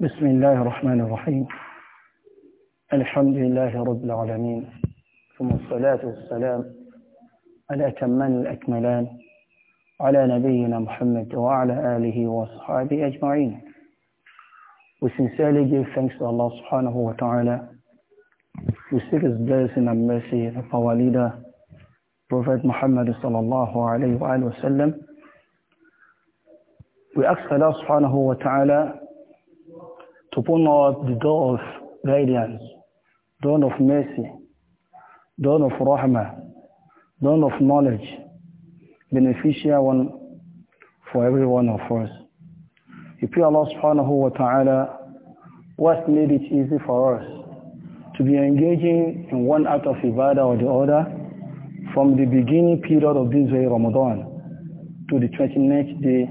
بسم الله الرحمن الرحيم الحمد لله رب العالمين ثم الصلاة والسلام على الأتمان الأكملان على نبينا محمد وعلى آله وصحابه أجمعين We sincerely give thanks to Allah subhanahu wa ta'ala We seek His blessing and mercy of our leader Prophet Muhammad sallallahu alayhi wa sallam We ask Allah subhanahu wa ta'ala to open up the door of guidance, door of mercy, door of rahmah, door of knowledge, beneficial one for every one of us. We pray Allah subhanahu wa ta'ala what made it easy for us to be engaging in one act of ibadah or the other from the beginning period of this very Ramadan to the 29th day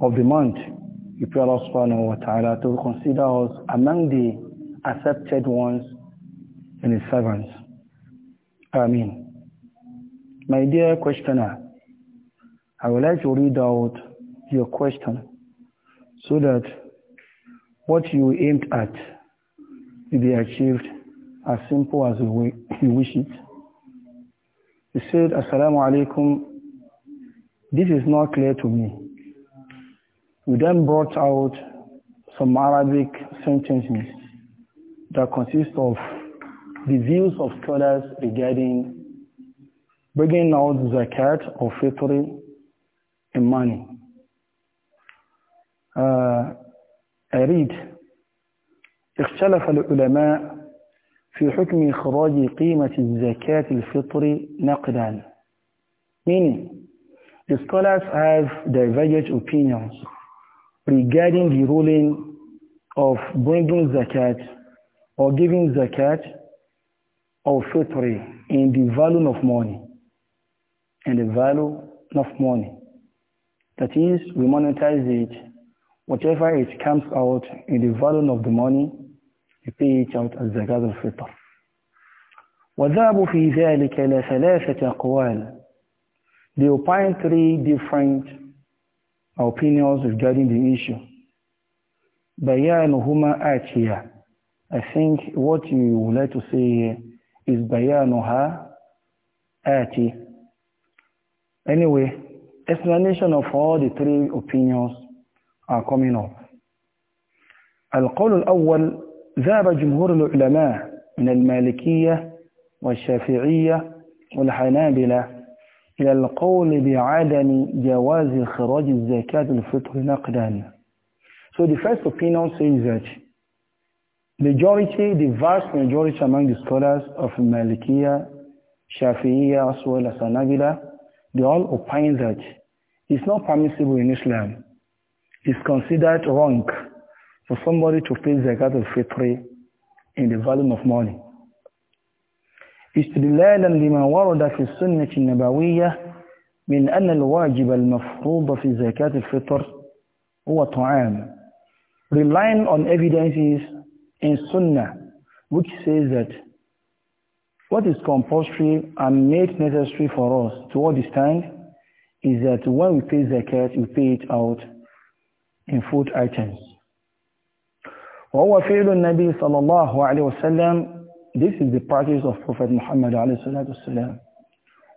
of the month you pray Allah subhanahu wa ta'ala to consider us among the accepted ones and his servants. Ameen. My dear questioner, I would like to read out your question so that what you aimed at will be achieved as simple as you wish it. He said, Assalamu alaikum. This is not clear to me. We then brought out some Arabic sentences that consist of the views of scholars regarding bringing out zakat or fitri in money. Uh, I read, اختلف العلماء في حكم إخراج قيمة الزكاة الفطر نقدا. Meaning, the scholars have divergent opinions regarding the ruling of bringing zakat or giving zakat or fitri in the value of money. and the value of money. That is, we monetize it. Whatever it comes out in the value of the money, we pay it out as zakat or fitr وذهبوا في ذلك إلى ثلاثة أقوال. They opine three different opinions regarding the issue. Bayanuhuma atiya. I think what you would like to say is bayanuha ati. Anyway, explanation of all the three opinions are coming up. القول الأول ذهب جمهور العلماء من المالكية والشافعية والحنابلة إلى القول بعدم جواز خراج الزكاة الفطر نقدا. So the first opinion says that majority, the vast majority among the scholars of Malikiya, Shafi'iyya, as well as Anabila, they all opine that it's not permissible in Islam. It's considered wrong for somebody to pay zakat al-fitr in the volume of money. استدلالا لما ورد في السنة النبوية من أن الواجب المفروض في زكاة الفطر هو طعام relying on evidences in Sunnah which says that what is compulsory and made necessary for us to understand is that when we pay zakat, we pay it out in food items. وهو فعل النبي صلى الله عليه وسلم This is the practice of Prophet Muhammad والسلام,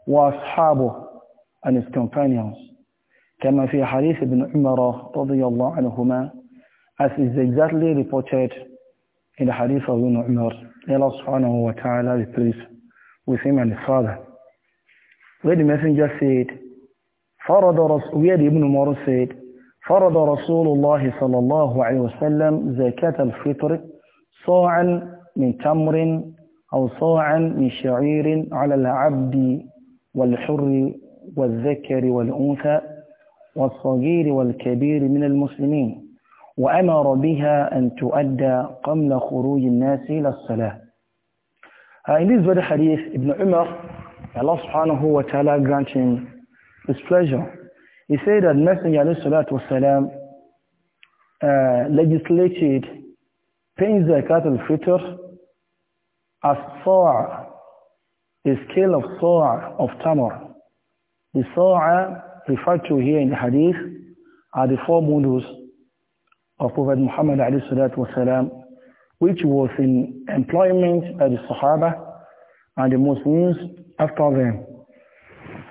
وأصحابه and his companions. كما في حديث ابن عمر رضي الله عنهما as is exactly reported in the hadith of Ibn Umar. Allah subhanahu wa ta'ala be pleased with him and his father. Where the messenger said, فرض رسول where Ibn Umar said, فرض رسول الله صلى الله عليه وسلم زكاة الفطر صاعا من تمر أو صاعا من شعير على العبد والحر والذكر والأنثى والصغير والكبير من المسلمين وأمر بها أن تؤدى قبل خروج الناس إلى الصلاة هذا uh, this hadith, Ibn Umar, Allah subhanahu wa ta'ala his pleasure. He said that Messenger عليه الصلاة والسلام uh, legislated paying zakat al-fitr as saw, the scale of saw of tamar. The saw eh, referred to here in the hadith are the four mundus of Prophet Muhammad wasalam, which was in employment by the Sahaba and the Muslims after them,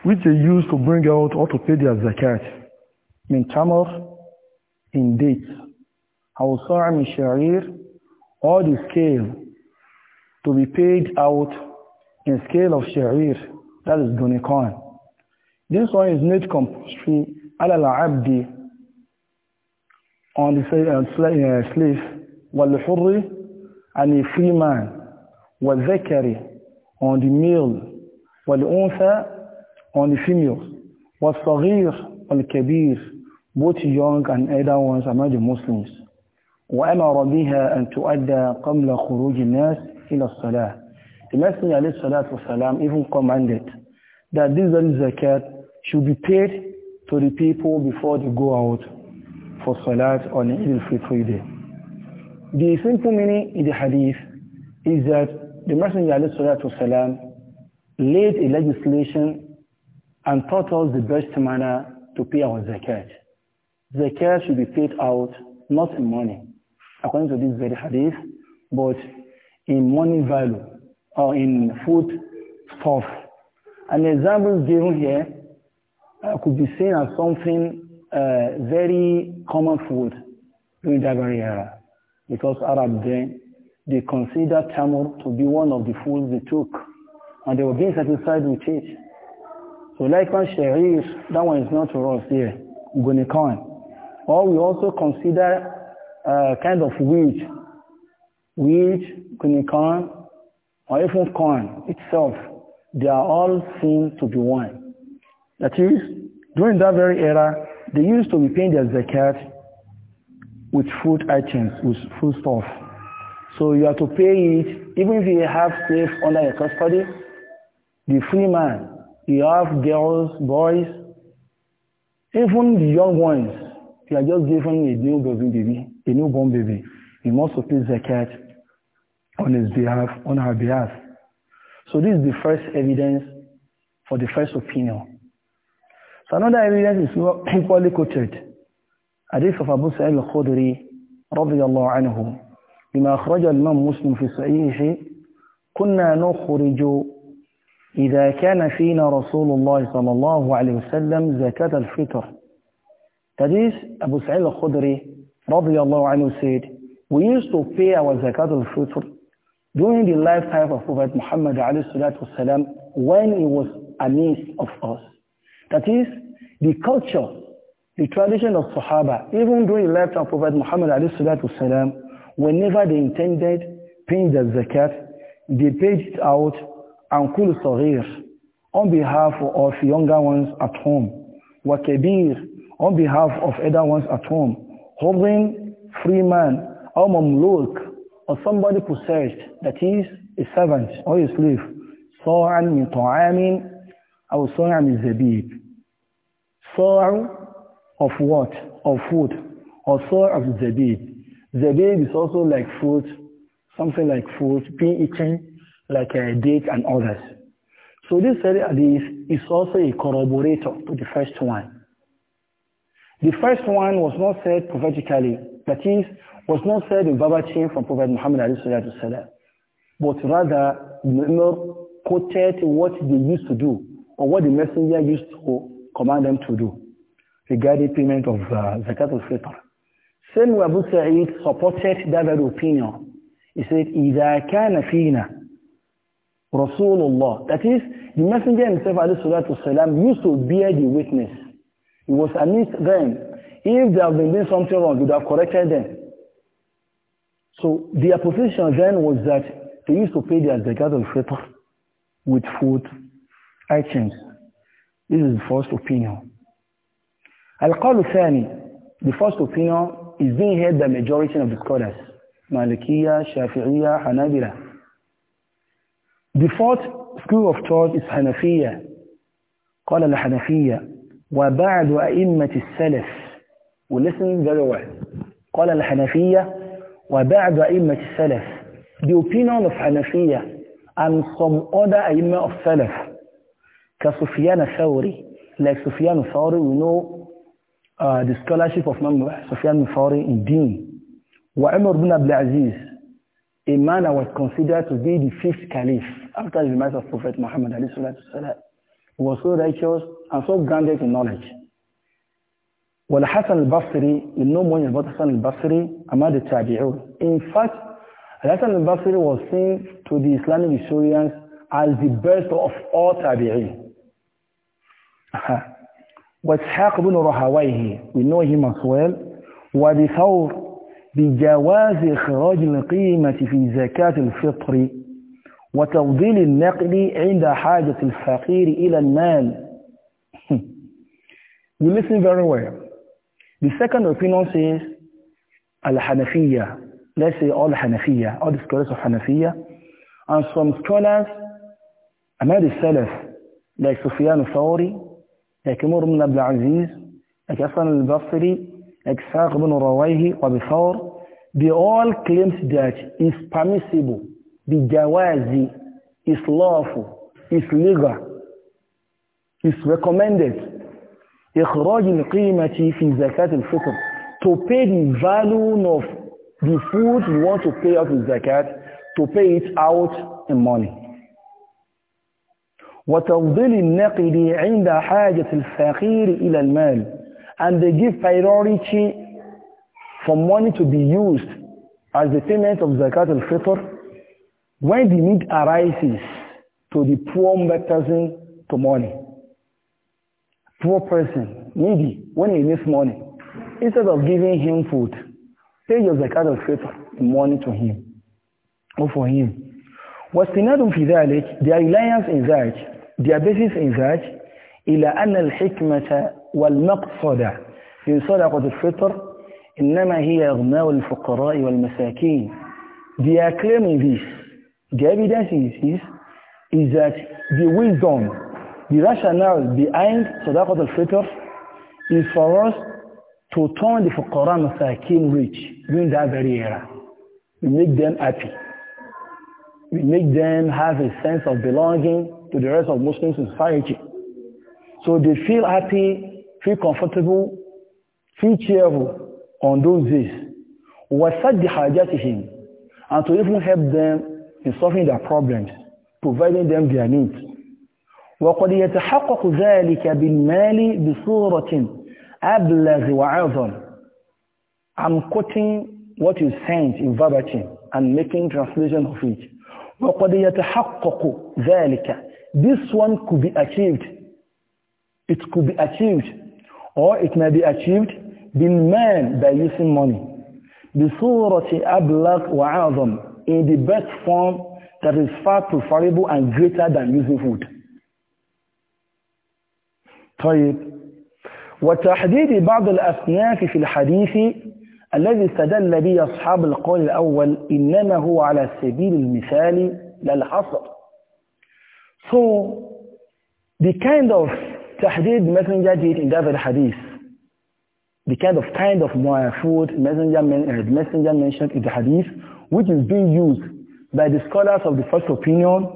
which they used to bring out or to pay their zakat. In tamar, in dates, Hawsa'a min sharir, or the scale to be paid out in scale of sharir, that is gunikan. This one is made compulsory ala abdi on the uh, uh, slave, wal hurri and a free man, wal zakari on the male, wal unsa on the female, wal saghir wal kabir, both young and elder ones among the Muslims. وأمر بها أن تؤدى قبل خروج الناس ila salah. The Messenger alayhi salatu wasalam even commanded that this zakat should be paid to the people before they go out for salat on Eid al-Fitr day. The simple meaning in the hadith is that the Messenger alayhi salatu wasalam laid a legislation and taught us the best manner to pay our zakat. Zakat should be paid out not in money, according to this very hadith, but in money value or in food stuff. An example given here uh, could be seen as something uh, very common food during that very era because Arab then they considered tamar to be one of the foods they took and they were being satisfied with it. So likewise sharir, that one is not for us here, gonikan. Or we also consider uh, kind of wheat wheat, guinea corn, or even corn itself, they are all seen to be one. That is, during that very era, they used to be paying their zakat with food items, with food stuff. So you have to pay it, even if you have slaves under your custody, the free man, you have girls, boys, even the young ones, you are just given a new newborn baby, a newborn baby. You must pay zakat on his behalf, on her behalf. So this is the first evidence for the first opinion. So another evidence is equally quoted. Hadith of Abu Sa'id al-Khudri رضي الله عنه بما أخرج الإمام مسلم في صحيحه كنا نخرج إذا كان فينا رسول الله صلى الله عليه وسلم زكاة الفطر That is, Abu Sa'id al-Khudri رضي الله عنه said, we used to pay our zakat al-fitr During the lifetime of Prophet Muhammad والسلام, when he was amidst of us, that is, the culture, the tradition of Sahaba, even during the lifetime of Prophet Muhammad والسلام, whenever they intended paying the zakat, they paid it out kul Sarir on behalf of younger ones at home, Wakabir on behalf of elder ones at home, holding free man, or Mamluk or somebody possessed, that is a servant or a slave, صَاعًا مِنْ طَعَامٍ أو صَاعًا مِنْ زَبِيبٍ صَاع of what? Of food. Or صَاع of zabib. Zabib is also like fruit, something like fruit, being eaten, like a date and others. So this hadith is also a corroborator to the first one. The first one was not said prophetically, that is, was not said in verbatim from Prophet Muhammad but rather Umar quoted what they used to do or what the messenger used to command them to do regarding payment of uh, zakat al-fitr. way Abu Sa'id supported that very opinion. He said, إِذَا كَانَ فِينَا رَسُولُ اللَّهِ That is, the messenger himself, alayhi used to bear the witness. He was amidst them. If there have been something wrong, he would have corrected them. So their position then was that they used to pay their zakat al-fitr with food items. This is the first opinion. Al-Qalu Thani, the first opinion is being held by majority of the scholars. Malikiya, Shafi'iyya, Hanabila. The fourth school of thought is Hanafiya. قال الحنفية وبعد أئمة السلف ولسن واحد قال الحنفية وبعد أئمة السلف the opinion of حنفية and some other أئمة of Salaf كسفيان الثوري like سفيان al we know uh, the scholarship of Imam Sufyan al in Deen وعمر بن عبد العزيز a man I was considered to be the fifth caliph after the demise of Prophet Muhammad عليه الصلاة والسلام was so righteous and so grounded in knowledge. Well, Hassan al-Basri, you know more about Hassan al-Basri among the Tabi'un. In fact, Hassan al-Basri was seen to the Islamic historians as the best of all Tabi'in. وإسحاق بن رهويه we know him as well وبثور بجواز إخراج القيمة في زكاة الفطر وتوضيل النقل عند حاجة الفقير إلى المال. you listen very well. The second opinion says, al let's say all الحنفية all the scholars of الحنفية and some scholars among the Salaf, like Sufyan al-Thawri, like Umar ibn Abdul Aziz, like Hassan al-Basri, like Sa'q ibn Rawayhi, Abi Thawr, they all claims that it's permissible bijawazi is lawful, is legal, is recommended. إخراج القيمة Zakat al-Fitr to pay the value of the food you want to pay out in zakat, to pay it out in money. وتفضيل النقد عند حاجة الفقير إلى المال and they give priority for money to be used as the payment of zakat al-fitr when the need arises to the poor person to money, poor person, needy, when he needs money, instead of giving him food, pay your zakat of faith money to him or for him. واستناد في ذلك their reliance in that their basis in that إلى أن الحكمة والمقصد في صدقة الفطر إنما هي إغناء الفقراء والمساكين they are claiming this The evidence is, is, is that the wisdom, the rationale behind Sadaqat al-Fitr is for us to turn the Fuqara Masakin rich during that very era. We make them happy. We make them have a sense of belonging to the rest of Muslim society. So they feel happy, feel comfortable, feel cheerful on those days. وَسَدِّ حَاجَاتِهِمْ And to even help them in solving their problems, providing them their needs. وقد يتحقق ذلك بالمال بصورة أبلغ وأعظم. I'm quoting what you sent in verbatim and making translation of it. وقد يتحقق ذلك. This one could be achieved. It could be achieved or it may be achieved بالمال by using money. بصورة أبلغ وأعظم in the best form that is far preferable and greater than using food. طيب وتحديد بعض الأصناف في الحديث الذي استدل به أصحاب القول الأول إنما هو على سبيل المثال لا الحصر. So the kind of تحديد messenger did in that hadith the kind of kind of food messenger, messenger mentioned in the hadith which is being used by the scholars of the first opinion,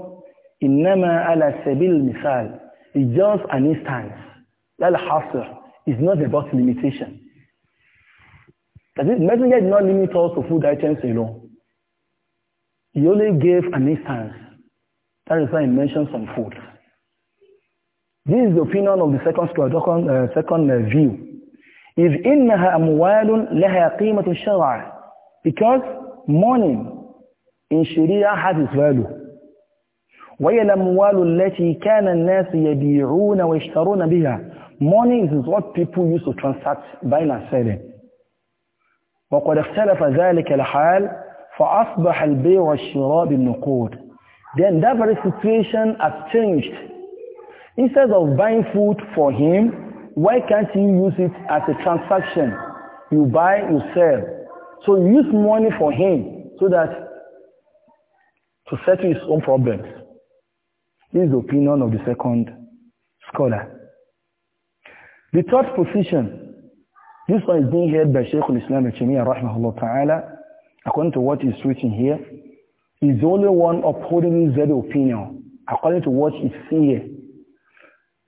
إنما ala sabil misal is just an instance. That hasr is not about limitation. That is, messenger did not limit us to food items alone. He only gave an instance. That is why he mentioned some food. This is the opinion of the second second, uh, second uh, view. If إنها أموال لها قيمة شرعا because money in Sharia has its value. وَيَلَ أَمْوَالُ الَّتِي كَانَ النَّاسِ يَبِيعُونَ وَيَشْتَرُونَ بِهَا Money is what people use to transact, buying and selling. وقد اختلف ذلك الحال فأصبح البيع والشراء بالنقود. Then that very situation has changed. Instead of buying food for him, why can't he use it as a transaction? You buy, you sell. So use money for him so that to settle his own problems. This is the opinion of the second scholar. The third position, this one is being held by Shaykh al-Islam al-Jamiyah rahimahullah ta'ala, according to what is written here, is the only one upholding his very opinion, according to what is here.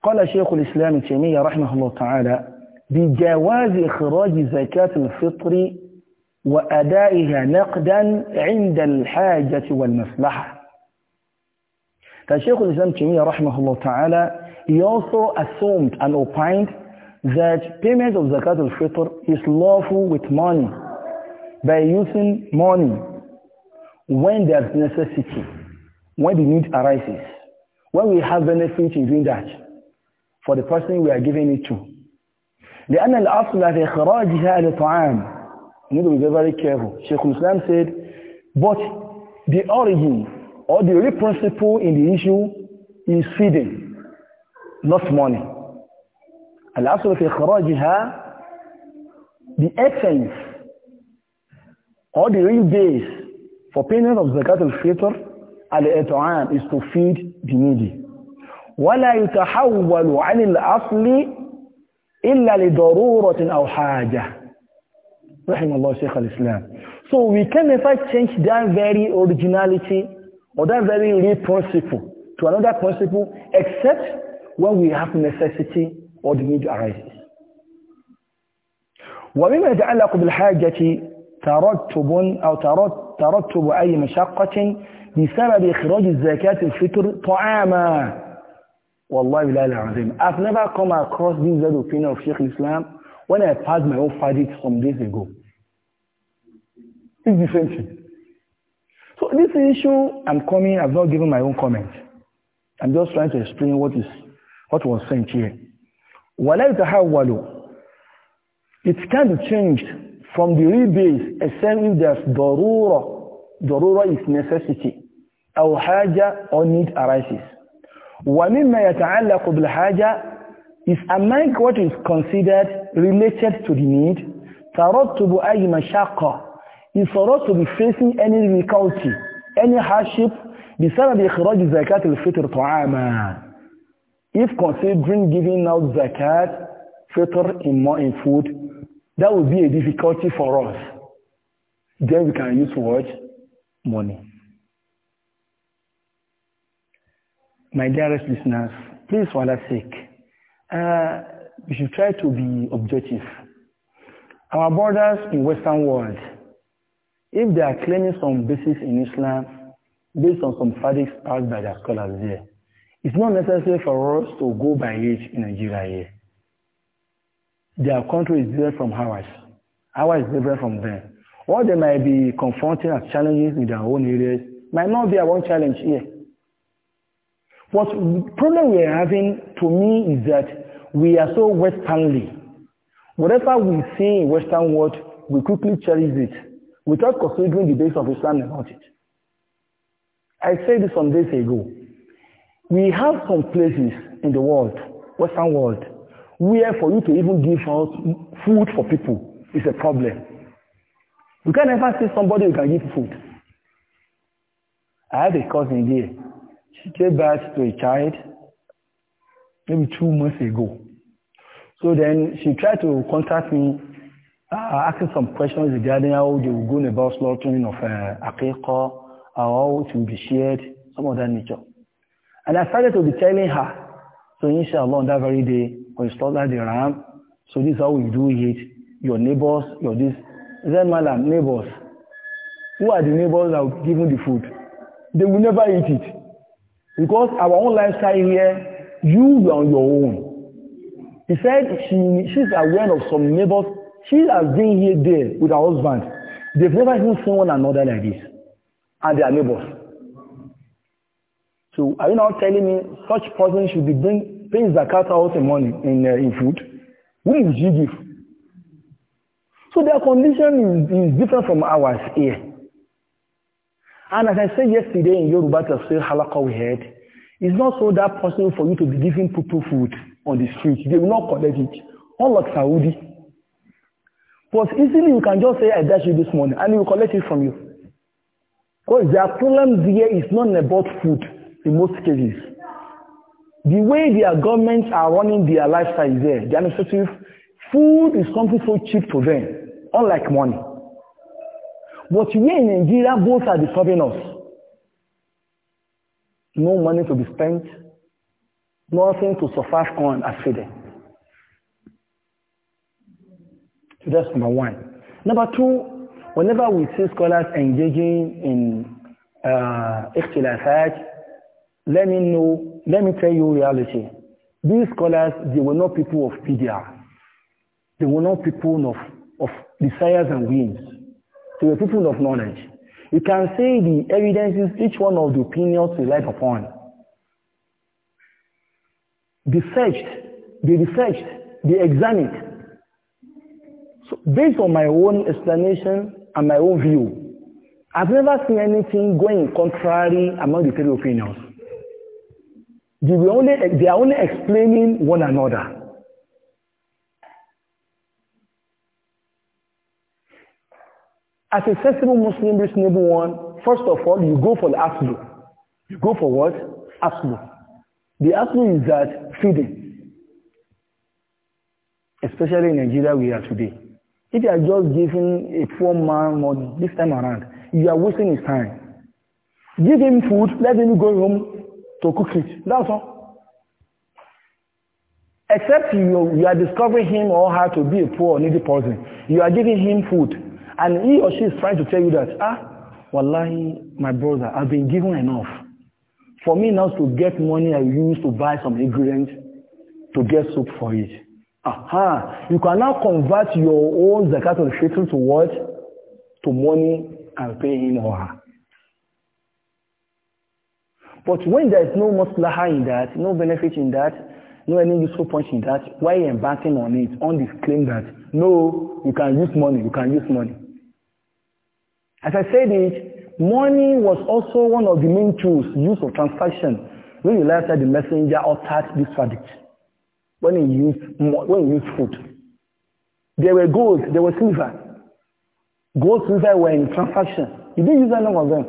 قال شيخ الإسلام التيمية رحمه الله تعالى بجواز إخراج زكاة الفطر وأدائها نقدا عند الحاجة والمصلحة فالشيخ الإسلام تيمية رحمه الله تعالى he also assumed and opined that payment of zakat al-fitr is lawful with money by using money when there's necessity, when the need arises, when we have benefit in doing that for the person we are giving it to. لأن الأصل في إخراجها لطعام You need to be very careful. Sheikh Islam said, but the origin or the real principle in the issue is feeding, not money. Al الأصل في إخراجها the essence or the real base for payment of zakat al-fitr al-it'am is to feed the needy. ولا يتحول عن الأصل إلا لضرورة أو حاجة. Rahimahullah Shaykh al-Islam. So we can never change that very originality or that very real principle to another principle except when we have necessity or the need arises. ومما يتعلق بالحاجة ترتب أو ترتب أي مشقة بسبب إخراج الزكاة الفطر طعاما والله لا العظيم I've never come across this opinion of Sheikh Islam When I passed my own father some days ago, it's different thing. So this issue, I'm coming, I've not given my own comment. I'm just trying to explain what is what was sent here. وَلَا يَتَحَوَّلُ It can be changed from the real base, except if there's darura. Darura is necessity. Al haja or need arises. وَمِمَّا يَتَعَلَّقُ بِالْحَاجَةِ is unlike what is considered related to the need, ترتب أي مشاقة is for us to be facing any difficulty, any hardship of بسبب إخراج زكاة الفطر طعاما. If considering giving out zakat, fitr in more in food, that would be a difficulty for us. Then we can use what? Money. My dearest listeners, please for Allah's sake, Uh, we should try to be objective. Our borders in Western world, if they are claiming some basis in Islam based on some verdicts passed by their scholars there, it's not necessary for us to go by age in Nigeria here. Their country is different from ours. Ours is different from them. What they might be confronting as challenges in their own areas might not be our own challenge here. What problem we are having to me is that We are so westernly. Whatever we see in Western world, we quickly cherish it without considering the base of Islam about it. I said this some days ago. We have some places in the world, Western world, where for you to even give out food for people is a problem. You can never see somebody who can give food. I had a cousin there. She gave birth to a child maybe two months ago. So then she tried to contact me, uh, asking some questions regarding how they were going about slaughtering of uh, akeko, how it will be shared, some of that nature. And I started to be telling her, so inshallah on that very day, when you slaughter the ram, so this is how we do it, your neighbors, your this. Then madam, neighbors, who are the neighbors that are giving the food? They will never eat it. Because our own lifestyle here You were on your own. He said she, she's aware of some neighbors. She has been here there with her husband. They've never even seen one another like this. And they are neighbors. So are you now telling me such person should be bring, paying zakat out in money in, uh, in food? Whom would you give? So their condition is, is different from ours here. And as I said yesterday in Yoruba Tafsir Halakha we had. It's not so that possible for you to be giving people food on the street. They will not collect it. Unlike Saudi. But easily you can just say, I dash you this money, and he will collect it from you. Because their problem there is not about food in most cases. The way their governments are running their lifestyle is there. The administrative food is something so cheap to them, unlike money. But here in Nigeria, both are disturbing us no money to be spent, nothing to suffice on as feeding. So that's number one. Number two, whenever we see scholars engaging in uh, ikhtilafat, let me know, let me tell you reality. These scholars, they were not people of PDR. They were not people of, of desires and whims. They were people of knowledge. You can say the evidences each one of the opinions relied upon. They searched, they researched, they examined. So based on my own explanation and my own view, I've never seen anything going contrary among the three opinions. They, were only, they are only explaining one another. As a sensible Muslim, reasonable one, first of all, you go for the aslu. You go for what? Aslu. The aslu is that feeding. Especially in Nigeria we are today. If you are just giving a poor man money this time around, you are wasting his time. Give him food, let him go home to cook it. That's all. Except you, you are discovering him or her to be a poor needy person. You are giving him food And he or she is trying to tell you that, ah, wallahi, my brother, I've been given enough. For me now to get money I use to buy some ingredients to get soup for it. Aha, you can now convert your own zakat al fitr to what? To money and pay him or her. But when there is no maslaha in that, no benefit in that, no any useful point in that, why embarking on it on this claim that, no, you can use money, you can use money. As I said it, money was also one of the main tools used for transaction when you left the messenger or uttered this verdict. When he used, when he used food. There were gold, there was silver. Gold, silver were in transaction. He didn't use any of them.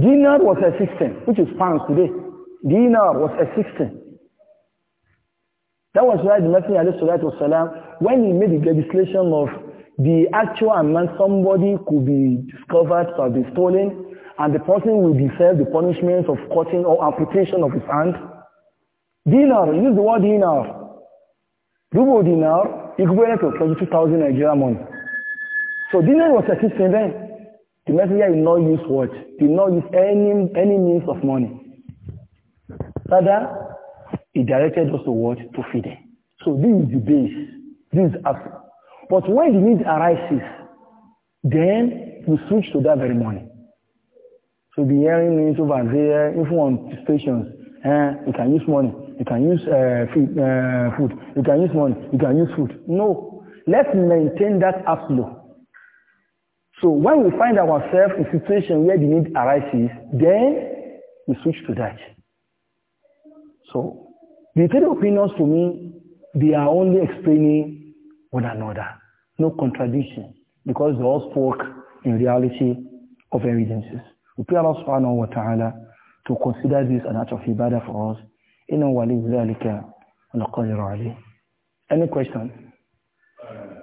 Dinar was a system, which is pounds today. Dinar was a system. That was why the Messenger of Salam, when he made the legislation of the actual amount somebody could be discovered to have been stolen, and the person will deserve the punishment of cutting or amputation of his hand. Dinar, use the word dinar. Ruble dinar equivalent to 22,000 Nigerian money. So dinar was existing then. The messenger did not use what? Did not use any, any means of money. Rather, he directed us to what? To feed them. So this is the base. This is Africa. But when the need arises, then you switch to that very morning. So you'll be hearing news over there, even on stations. Eh, you can use money, you can use uh, eh, food, uh, eh, food, you can use money, you can use food. No, let's maintain that upflow. So when we find ourselves in a situation where the need arises, then we switch to that. So the three opinions to me, they are only explaining one another. No contradiction because they all spoke in reality of evidences. We pray Allah subhanahu wa ta'ala to consider this an act of ibadah for us. إِنَّ وَلِيُّ ذَلِكَ الْقَدِرُ عَلَيْهِ Any question? Uh,